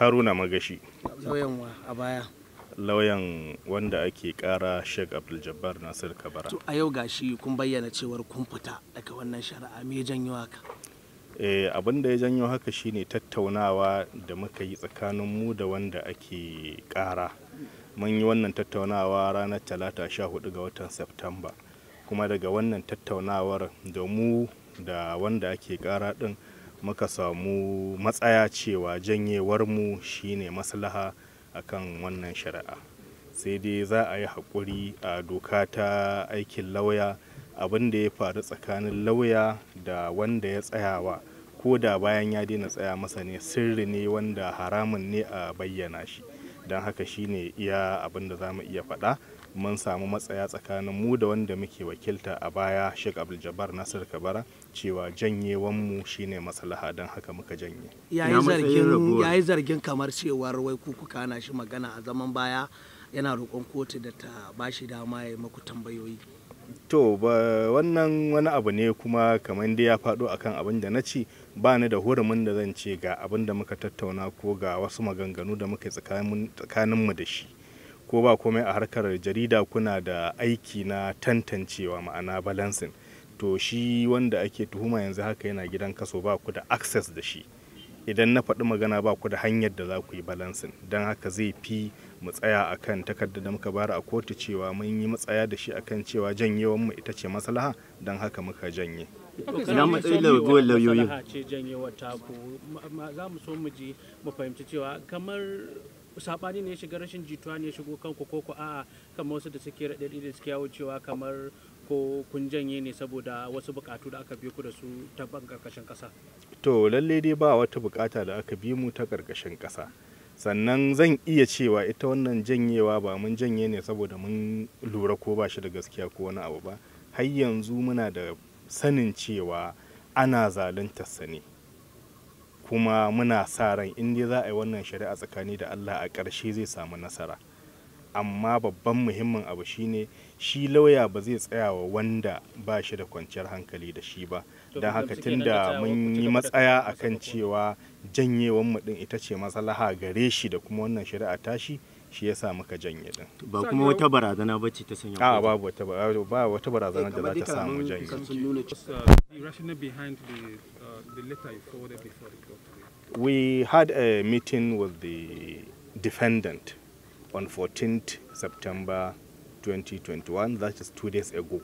haruna magashi lauyan a baya lauyan wanda ake kara sheik abdul-jabbar nasir kabara to a yau gashi kun bayyana cewar kun fita daga wannan shari'a me janyo haka eh, abin da ya janyo haka shine tattaunawa da muka yi tsakanin mu da wanda ake kara mun yi wannan tattaunawa ranar talata sha hudu ga watan september kuma daga wannan tattaunawar da mu da wanda ake kara din muka samu matsaya cewa janyewar mu shine maslaha akan wannan shari'a sai dai za a yi haƙuri a doka ta aikin lauya abin da ya faru tsakanin lauya da wanda ya tsayawa ko da bayan ya daina tsaya masa ne sirri ne wanda haramun ne a bayyana shi don haka shine iya abin da za mu iya faɗa mun samu matsaya tsakanin mu da wanda muke wakilta a baya shek Abdul Nasir Kabara cewa janyewan mu shine maslaha don haka muka janye. Yayi zargin zargin kamar cewar wai kuka na shi magana a zaman baya yana roƙon kotu da ta bashi dama ya maku tambayoyi. to ba wannan wani abu ne kuma kamar dai ya faɗo akan abin da na ci ba ni da hurumin da zan ce ga abin da muka tattauna ko ga wasu maganganu da muka tsakaninmu da shi ko ba komai a harkar jarida kuna da aiki na tantancewa ma'ana balancing to shi wanda ake tuhuma yanzu haka yana gidan kaso ba ku da access da shi idan na faɗi magana ba ku da hanyar da za ku yi balansin don haka zai fi mu tsaya akan kan takardar da muka bara a kotu cewa mun yi matsaya da shi akan cewa janyewan mu ita ce maslaha don haka muka janye ina matsayin lauyoyin lauyoyin za mu so mu ji mu fahimci cewa kamar sabani ne shiga rashin jituwa ne shigo kanku ko ku a'a kamar wasu da suke raɗaɗi da suke yawo cewa kamar ko kun janye ne saboda wasu bukatu da aka bi ku da su ta karkashin kasa to lalle dai ba wata bukata da aka bi mu ta karkashin kasa sannan zan iya cewa ita wannan janyewa ba mun janye ne saboda mun lura ko ba shi da gaskiya ko wani abu ba har yanzu muna da sanin cewa ana zaluntar sa ne kuma muna sa ran in dai za a yi wannan shari'a tsakani da Allah a ƙarshe zai samu nasara amma babban muhimmin abu shine shi lauya ba zai tsaya wa wanda ba shi da kwanciyar hankali da shi ba don haka tun da mun yi matsaya a kan cewa janyewan mu din ita ce maslaha gare shi da kuma wannan shari'a tashi shi ya sa muka janye din ba kuma wata barazana ba ce ta sanya a ba wata barazana eh, da za ta samu janye the letter you forwarded before the court today? We had a meeting with the defendant on 14th September 2021, that is two days ago.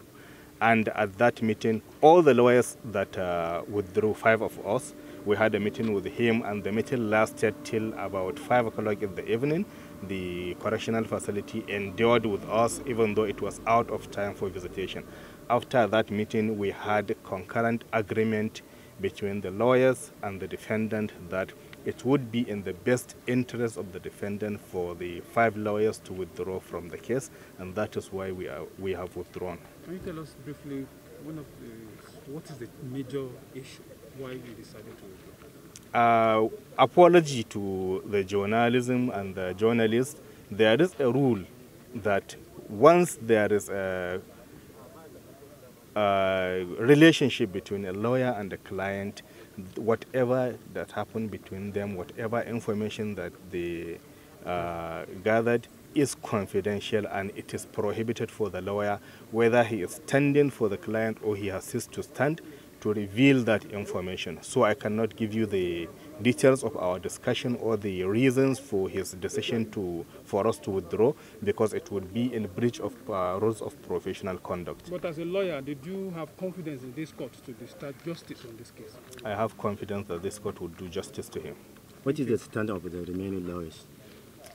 And at that meeting, all the lawyers that uh, withdrew, five of us, we had a meeting with him, and the meeting lasted till about 5 o'clock in the evening. The correctional facility endured with us, even though it was out of time for visitation. After that meeting, we had concurrent agreement between the lawyers and the defendant that it would be in the best interest of the defendant for the five lawyers to withdraw from the case, and that is why we, are, we have withdrawn. Can you tell us briefly one of the, what is the major issue why you decided to withdraw? Uh, apology to the journalism and the journalists. There is a rule that once there is a uh, relationship between a lawyer and a client, whatever that happened between them, whatever information that they uh, gathered is confidential and it is prohibited for the lawyer, whether he is standing for the client or he has ceased to stand, to reveal that information. So I cannot give you the details of our discussion or the reasons for his decision to for us to withdraw because it would be in breach of uh, rules of professional conduct. But as a lawyer, did you have confidence in this court to discharge justice on this case? I have confidence that this court would do justice to him. What is the standard of the remaining lawyers?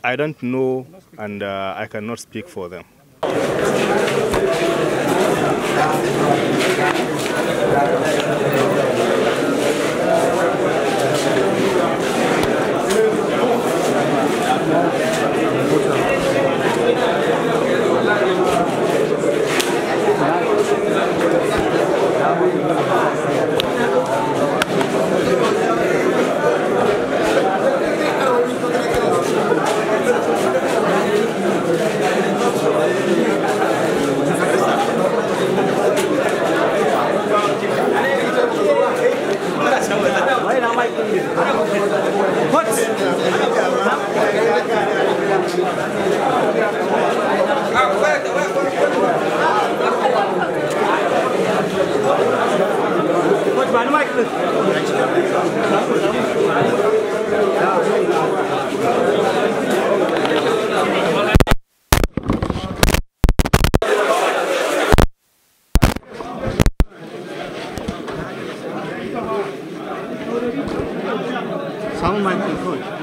I don't know and uh, I cannot speak for them.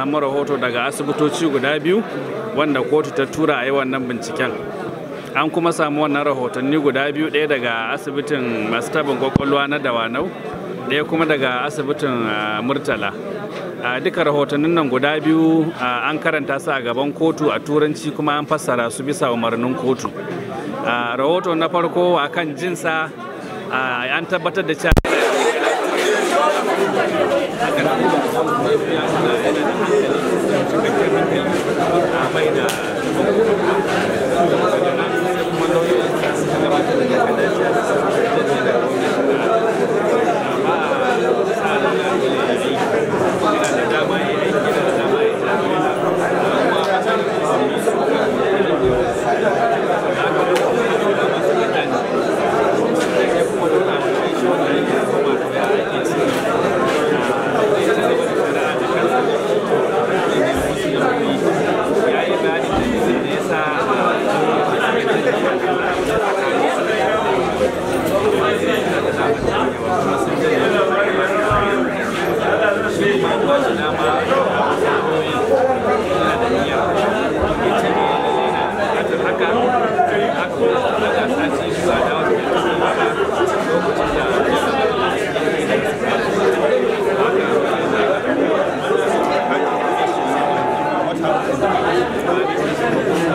samu rahoto daga asibitoci guda biyu wanda kotu ta tura a yi wannan binciken an kuma samu wannan rahotanni guda biyu ɗaya daga asibitin masu tabin kwakwalwa na dawanau ɗaya kuma daga asibitin ah, murtala a ah, duka rahotannin nan guda biyu ah, an karanta su a gaban kotu a turanci kuma an fassara su bisa umarnin kotu rahoto na farko a kan jinsa an tabbatar da cewa Thank you.